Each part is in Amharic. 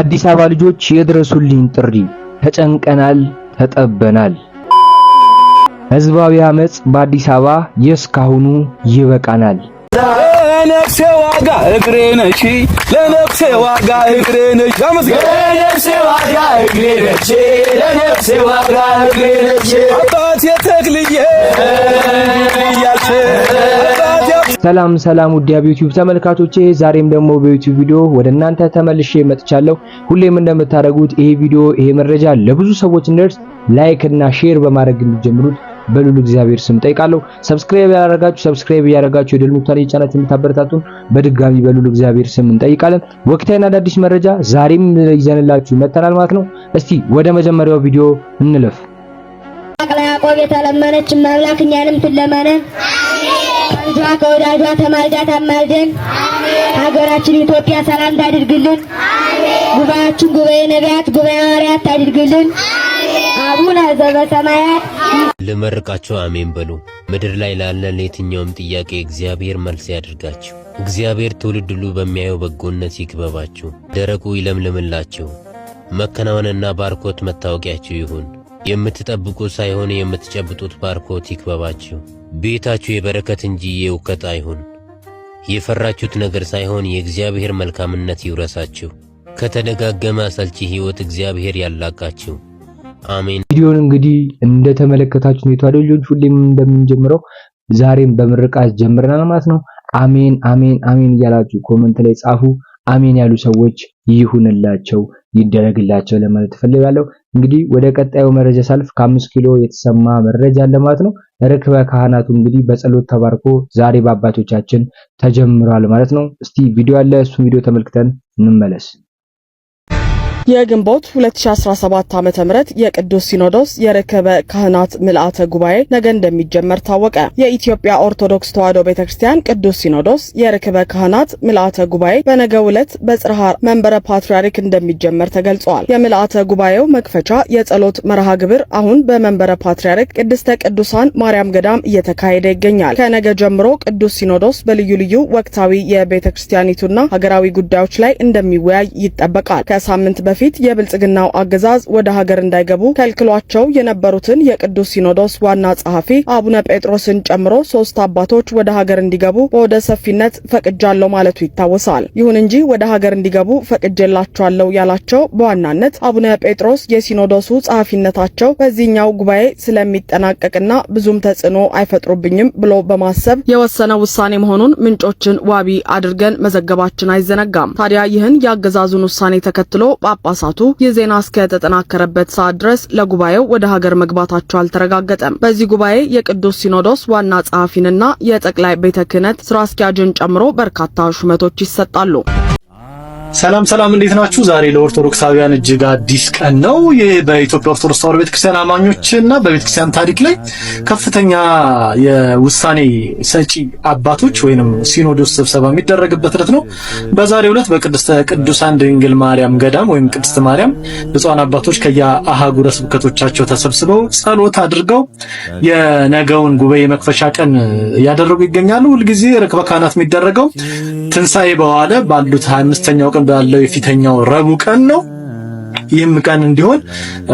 አዲስ አበባ ልጆች የድረሱልኝ ጥሪ፣ ተጨንቀናል፣ ተጠበናል። ህዝባዊ አመጽ በአዲስ አበባ የእስካሁኑ ይበቃናል። ለነፍሴ ዋጋ እግሬ ነሽ፣ ለነፍሴ ዋጋ እግሬ ነሽ፣ ለነፍሴ ዋጋ እግሬ ነሽ፣ ለነፍሴ ዋጋ እግሬ ነሽ አባት የተክልዬ ሰላም ሰላም ውድ ዩቲዩብ ተመልካቾቼ ዛሬም ደግሞ በዩቲዩብ ቪዲዮ ወደ እናንተ ተመልሼ መጥቻለሁ። ሁሌም እንደምታደርጉት ይሄ ቪዲዮ ይሄ መረጃ ለብዙ ሰዎች እንደርስ ላይክ እና ሼር በማድረግ እንዲጀምሩት በሉሉ እግዚአብሔር ስም ጠይቃለሁ። ሰብስክራይብ ያደረጋችሁ ሰብስክራይብ ያደረጋችሁ የደልሙ ታሪ ቻናል የምታበረታቱን በድጋሚ በሉሉ እግዚአብሔር ስም እንጠይቃለን። ወቅታዊና አዳዲስ መረጃ ዛሬም ይዘንላችሁ መጥተናል ማለት ነው። እስቲ ወደ መጀመሪያው ቪዲዮ እንለፍ። ያዕቆብ የተለመነች አምላክ እኛንም እህቷ ከወዳጇ ተማልዳ ታማልደን ሀገራችን ኢትዮጵያ ሰላም ታድርግልን። ጉባኤያችን ጉባኤ ነቢያት፣ ጉባኤ ሐዋርያት ታድርግልን። አቡነ ዘበሰማያት ልመርቃቸው አሜን በሉ። ምድር ላይ ላለን የትኛውም ጥያቄ እግዚአብሔር መልስ ያድርጋችሁ። እግዚአብሔር ትውልድ ሁሉ በሚያየው በጎነት ይክበባችሁ። ደረቁ ይለምልምላችሁ። መከናወንና ባርኮት መታወቂያችሁ ይሁን። የምትጠብቁት ሳይሆን የምትጨብጡት ባርኮት ይክበባችሁ። ቤታችሁ የበረከት እንጂ የውከት አይሁን። የፈራችሁት ነገር ሳይሆን የእግዚአብሔር መልካምነት ይውረሳችሁ። ከተደጋገመ አሰልቺ ሕይወት እግዚአብሔር ያላቃችሁ። አሜን። ቪዲዮን እንግዲህ እንደተመለከታችሁ ነው። የተዋደጆች፣ ሁሌም እንደምንጀምረው ዛሬም በምርቃት ጀምረናል ማለት ነው። አሜን አሜን አሜን እያላችሁ ኮመንት ላይ ጻፉ። አሜን ያሉ ሰዎች ይሁንላቸው ይደረግላቸው ለማለት ፈልጋለሁ። እንግዲህ ወደ ቀጣዩ መረጃ ሳልፍ ከአምስት ኪሎ የተሰማ መረጃ ለማለት ነው። ርክበ ካህናቱ እንግዲህ በጸሎት ተባርኮ ዛሬ በአባቶቻችን ተጀምሯል ማለት ነው። እስቲ ቪዲዮ አለ፣ እሱ ቪዲዮ ተመልክተን እንመለስ። የግንቦት 2017 ዓ ም የቅዱስ ሲኖዶስ የርክበ ካህናት ምልአተ ጉባኤ ነገ እንደሚጀመር ታወቀ። የኢትዮጵያ ኦርቶዶክስ ተዋሕዶ ቤተ ክርስቲያን ቅዱስ ሲኖዶስ የርክበ ካህናት ምልአተ ጉባኤ በነገ ዕለት በጽርሐ መንበረ ፓትርያርክ እንደሚጀመር ተገልጿል። የምልአተ ጉባኤው መክፈቻ የጸሎት መርሃ ግብር አሁን በመንበረ ፓትርያርክ ቅድስተ ቅዱሳን ማርያም ገዳም እየተካሄደ ይገኛል። ከነገ ጀምሮ ቅዱስ ሲኖዶስ በልዩ ልዩ ወቅታዊ የቤተ ክርስቲያኒቱና ሀገራዊ ጉዳዮች ላይ እንደሚወያይ ይጠበቃል። ከሳምንት በፊት በፊት የብልጽግናው አገዛዝ ወደ ሀገር እንዳይገቡ ከልክሏቸው የነበሩትን የቅዱስ ሲኖዶስ ዋና ጸሐፊ አቡነ ጴጥሮስን ጨምሮ ሶስት አባቶች ወደ ሀገር እንዲገቡ በወደ ሰፊነት ፈቅጃለሁ ማለቱ ይታወሳል። ይሁን እንጂ ወደ ሀገር እንዲገቡ ፈቅጄላቸዋለሁ ያላቸው በዋናነት አቡነ ጴጥሮስ የሲኖዶሱ ጸሐፊነታቸው በዚህኛው ጉባኤ ስለሚጠናቀቅና ብዙም ተጽዕኖ አይፈጥሩብኝም ብሎ በማሰብ የወሰነ ውሳኔ መሆኑን ምንጮችን ዋቢ አድርገን መዘገባችን አይዘነጋም። ታዲያ ይህን የአገዛዙን ውሳኔ ተከትሎ ጳጳሳቱ ይህ ዜና እስከተጠናከረበት ሰዓት ድረስ ለጉባኤው ወደ ሀገር መግባታቸው አልተረጋገጠም። በዚህ ጉባኤ የቅዱስ ሲኖዶስ ዋና ጸሐፊንና የጠቅላይ ቤተ ክህነት ስራ አስኪያጅን ጨምሮ በርካታ ሹመቶች ይሰጣሉ። ሰላም ሰላም፣ እንዴት ናችሁ? ዛሬ ለኦርቶዶክሳውያን እጅግ አዲስ ቀን ነው። ይህ በኢትዮጵያ ኦርቶዶክስ ተዋሕዶ ቤተክርስቲያን አማኞችና በቤተክርስቲያን ታሪክ ላይ ከፍተኛ የውሳኔ ሰጪ አባቶች ወይንም ሲኖዶስ ስብሰባ የሚደረግበት ዕለት ነው። በዛሬው ዕለት በቅድስተ ቅዱሳን ድንግል ማርያም ገዳም ወይም ቅድስት ማርያም ብፁዓን አባቶች ከየአህጉረ ስብከቶቻቸው ተሰብስበው ጸሎት አድርገው የነገውን ጉባኤ መክፈቻ ቀን እያደረጉ ይገኛሉ። ሁልጊዜ ርክበ ካህናት የሚደረገው ትንሣኤ በኋላ ባሉት 25ኛው አቅም ባለው የፊተኛው ረቡዕ ቀን ነው። ይህም ቀን እንዲሆን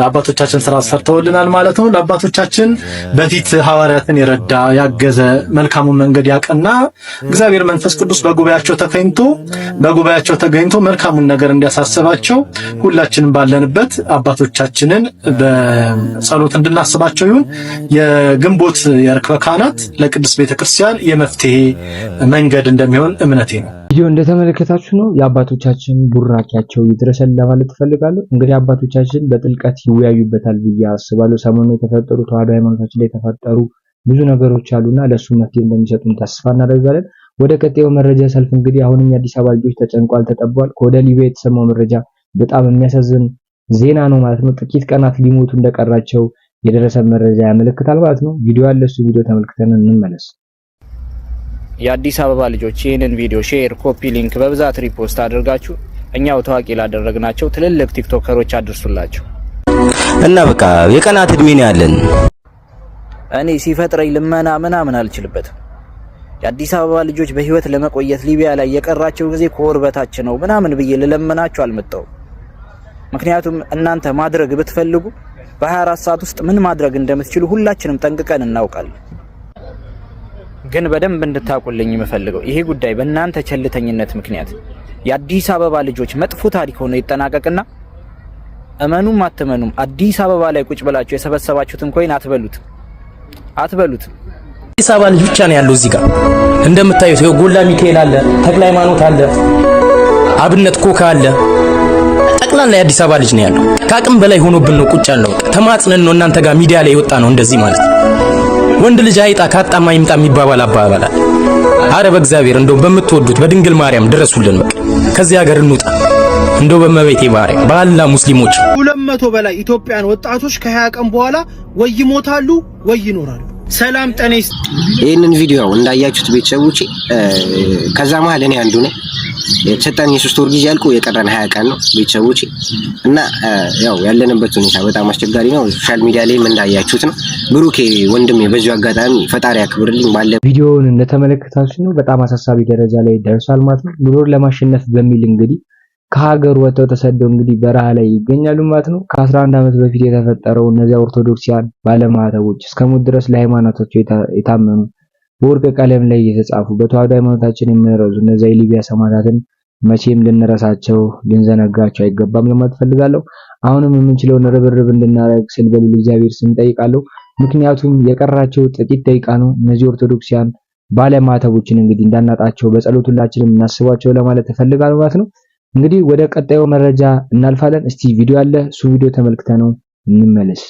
አባቶቻችን ስራ ሰርተውልናል ማለት ነው። ለአባቶቻችን በፊት ሐዋርያትን የረዳ ያገዘ፣ መልካሙን መንገድ ያቀና እግዚአብሔር መንፈስ ቅዱስ በጉባኤያቸው ተገኝቶ በጉባኤያቸው ተገኝቶ መልካሙን ነገር እንዲያሳስባቸው ሁላችንም ባለንበት አባቶቻችንን በጸሎት እንድናስባቸው ይሁን። የግንቦት የርክበ ካህናት ለቅድስት ቤተክርስቲያን የመፍትሄ መንገድ እንደሚሆን እምነቴ ነው። ቪዲዮ እንደተመለከታችሁ ነው። የአባቶቻችን ቡራኪያቸው ይድረሰን ለማለት ትፈልጋለሁ። እንግዲህ አባቶቻችን በጥልቀት ይወያዩበታል ብዬ አስባለሁ። ሰሞኑን የተፈጠሩ ተዋህዶ ሃይማኖታችን ላይ የተፈጠሩ ብዙ ነገሮች አሉና ለእሱ መፍትሄ እንደሚሰጡን ተስፋ እናደርጋለን። ወደ ቀጣዩ መረጃ ሰልፍ እንግዲህ አሁንም የአዲስ አበባ ልጆች ተጨንቋል፣ ተጠቧል። ከወደ ሊቢያ የተሰማው መረጃ በጣም የሚያሳዝን ዜና ነው ማለት ነው። ጥቂት ቀናት ሊሞቱ እንደቀራቸው የደረሰ መረጃ ያመለክታል ማለት ነው። ቪዲዮ ያለ እሱ ቪዲዮ ተመልክተን እንመለስ። የአዲስ አበባ ልጆች ይህንን ቪዲዮ ሼር፣ ኮፒ ሊንክ በብዛት ሪፖስት አድርጋችሁ እኛው ታዋቂ ላደረግናቸው ትልልቅ ቲክቶከሮች አድርሱላቸው እና በቃ የቀናት እድሜ ነው ያለን። እኔ ሲፈጥረኝ ልመና ምናምን አልችልበትም። የአዲስ አበባ ልጆች በህይወት ለመቆየት ሊቢያ ላይ የቀራቸው ጊዜ ኮርበታች ነው ምናምን ብዬ ልለመናችሁ አልመጣሁም። ምክንያቱም እናንተ ማድረግ ብትፈልጉ በ24 ሰዓት ውስጥ ምን ማድረግ እንደምትችሉ ሁላችንም ጠንቅቀን እናውቃለን። ግን በደንብ እንድታውቁልኝ የምፈልገው ይሄ ጉዳይ በእናንተ ቸልተኝነት ምክንያት የአዲስ አበባ ልጆች መጥፎ ታሪክ ሆኖ ይጠናቀቅና እመኑም አትመኑም አዲስ አበባ ላይ ቁጭ ብላችሁ የሰበሰባችሁትን ኮይን አትበሉት አትበሉት። አዲስ አበባ ልጅ ብቻ ነው ያለው እዚህ ጋር እንደምታዩት ጎላ ሚካኤል አለ፣ ተክለ ሃይማኖት አለ፣ አብነት ኮካ አለ። ጠቅላላ የአዲስ አበባ ልጅ ነው ያለው። ከአቅም በላይ ሆኖብን ነው ቁጭ ያለው። ተማጽነን ነው እናንተ ጋር ሚዲያ ላይ የወጣ ነው እንደዚህ ማለት ነው። ወንድ ልጅ አይጣ ካጣማ ይምጣ የሚባባል አባባላል። አረ በእግዚአብሔር እንደው በምትወዱት በድንግል ማርያም ድረሱልን። በቃ ከዚህ ሀገር እንውጣ። እንደው በመቤቴ ማርያም ባላ ሙስሊሞች ሁለት መቶ በላይ ኢትዮጵያን ወጣቶች ከሀያ ቀን በኋላ ወይ ይሞታሉ ወይ ይኖራሉ። ሰላም ጠኔስ ይህንን ቪዲዮ ያው እንዳያችሁት ቤተሰቦቼ፣ ከዛ መሀል እኔ አንዱ ነኝ። የተሰጠን የሶስት ወር ጊዜ ያልቁ የቀረን ሀያ ቀን ነው ቤተሰቦቼ እና ያው ያለንበት ሁኔታ በጣም አስቸጋሪ ነው። ሶሻል ሚዲያ ላይም እንዳያችሁት ነው። ብሩኬ ወንድሜ በዚሁ አጋጣሚ ፈጣሪ አክብርልኝ ባለ ቪዲዮውን እንደተመለከታችሁ ነው በጣም አሳሳቢ ደረጃ ላይ ደርሷል ማለት ነው ኑሮን ለማሸነፍ በሚል እንግዲህ ከሀገር ወጥተው ተሰደው እንግዲህ በረሃ ላይ ይገኛሉ ማለት ነው። ከ11 ዓመት በፊት የተፈጠረው እነዚያ ኦርቶዶክሲያን ባለማዕተቦች እስከ ድረስ ለሃይማኖታቸው የታመኑ በወርቅ ቀለም ላይ የተጻፉ በተዋህዶ ሃይማኖታችን የምንረዙ እነዚያ የሊቢያ ሰማዕታትን መቼም ልንረሳቸው ልንዘነጋቸው አይገባም ለማለት ፈልጋለሁ። አሁንም የምንችለውን ርብርብ እንድናረግ ስል በልዑል እግዚአብሔር ስም ጠይቃለሁ። ምክንያቱም የቀራቸው ጥቂት ደቂቃ ነው። እነዚህ ኦርቶዶክሲያን ባለማዕተቦችን እንግዲህ እንዳናጣቸው በጸሎት ሁላችንም እናስቧቸው ለማለት እፈልጋለሁ ማለት ነው። እንግዲህ ወደ ቀጣዩ መረጃ እናልፋለን። እስቲ ቪዲዮ አለ፣ እሱ ቪዲዮ ተመልክተ ነው እንመለስ።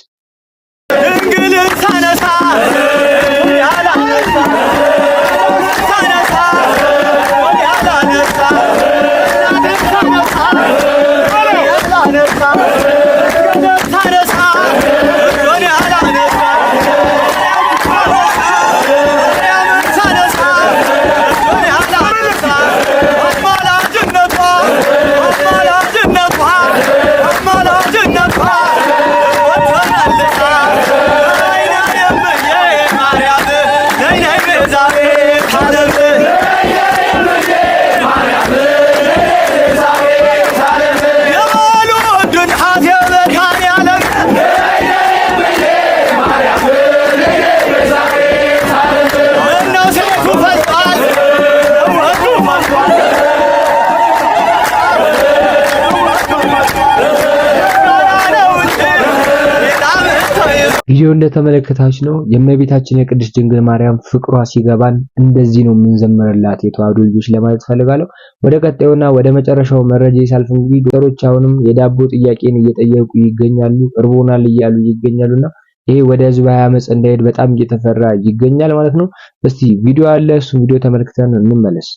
ቪዲዮ እንደተመለከታች ነው የእመቤታችን የቅድስት ድንግል ማርያም ፍቅሯ ሲገባን እንደዚህ ነው የምንዘምርላት የተዋሕዶ ልጆች ለማለት ፈልጋለሁ። ወደ ቀጣዩና ወደ መጨረሻው መረጃ ይሳልፍ። እንግዲህ ዶክተሮች አሁንም የዳቦ ጥያቄን እየጠየቁ ይገኛሉ፣ እርቦናል እያሉ ይገኛሉና ይሄ ወደ ህዝብ አመፅ እንዳይሄድ በጣም እየተፈራ ይገኛል ማለት ነው። እስቲ ቪዲዮ አለ፣ እሱ ቪዲዮ ተመልክተን እንመለስ።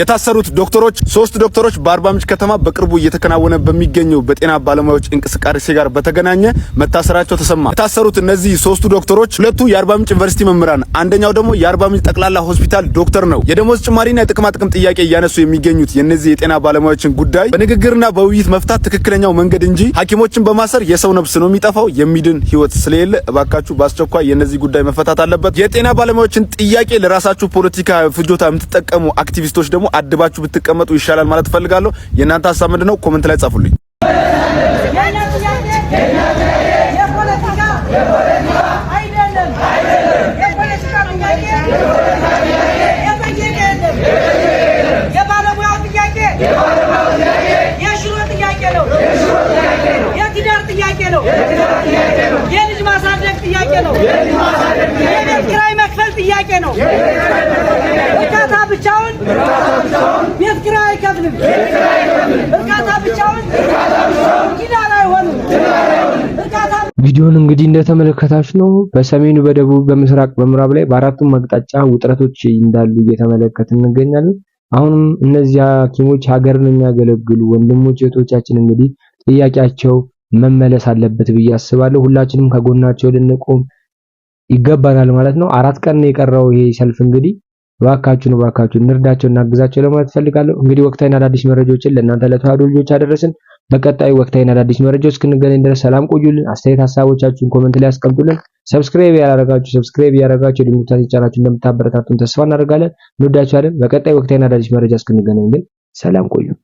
የታሰሩት ዶክተሮች ሶስት ዶክተሮች በአርባ ምንጭ ከተማ በቅርቡ እየተከናወነ በሚገኘው በጤና ባለሙያዎች እንቅስቃሴ ጋር በተገናኘ መታሰራቸው ተሰማ። የታሰሩት እነዚህ ሶስቱ ዶክተሮች ሁለቱ የአርባ ምንጭ ዩኒቨርሲቲ መምህራን፣ አንደኛው ደግሞ የአርባ ምንጭ ጠቅላላ ሆስፒታል ዶክተር ነው። የደሞዝ ጭማሪና የጥቅማ ጥቅም ጥያቄ እያነሱ የሚገኙት የእነዚህ የጤና ባለሙያዎችን ጉዳይ በንግግርና በውይይት መፍታት ትክክለኛው መንገድ እንጂ ሐኪሞችን በማሰር የሰው ነብስ ነው የሚጠፋው የሚድን ህይወት ስለሌለ እባካችሁ በአስቸኳይ የእነዚህ ጉዳይ መፈታት አለበት። የጤና ባለሙያዎችን ጥያቄ ለራሳችሁ ፖለቲካ ፍጆታ የምትጠቀሙ አክቲቪስቶች ደግሞ ደግሞ አድባችሁ ብትቀመጡ ይሻላል ማለት ፈልጋለሁ የእናንተ ሀሳብ ምንድነው? ኮመንት ላይ ጻፉልኝ። ቪዲዮን እንግዲህ እንደተመለከታችሁ ነው። በሰሜኑ፣ በደቡብ፣ በምስራቅ፣ በምዕራብ ላይ በአራቱም አቅጣጫ ውጥረቶች እንዳሉ እየተመለከትን እንገኛለን። አሁንም እነዚያ ሐኪሞች ሀገርን የሚያገለግሉ ወንድሞች እህቶቻችን እንግዲህ ጥያቄያቸው መመለስ አለበት ብዬ አስባለሁ። ሁላችንም ከጎናቸው ልንቆም ይገባናል ማለት ነው። አራት ቀን የቀረው ይሄ ሰልፍ እንግዲህ ባካችሁን ባካችሁን እንርዳቸው እናግዛቸው ለማለት ፈልጋለሁ። እንግዲህ ወቅታዊና አዳዲስ መረጃዎችን ለእናንተ ለተዋህዶ ልጆች አደረስን። በቀጣዩ ወቅታዊና አዳዲስ መረጃዎች እስክንገናኝ ድረስ ሰላም ቆዩልን። አስተያየት ሀሳቦቻችሁን ኮመንት ላይ አስቀምጡልን። ሰብስክራይብ ያላረጋችሁ ሰብስክራይብ ያደረጋችሁ ድምታችን ይቻላችሁ እንደምታበረታቱን ተስፋ እናደርጋለን። እንወዳችኋለን። በቀጣይ ወቅታዊና አዳዲስ መረጃ እስክንገናኝ ግን ሰላም ቆዩልን።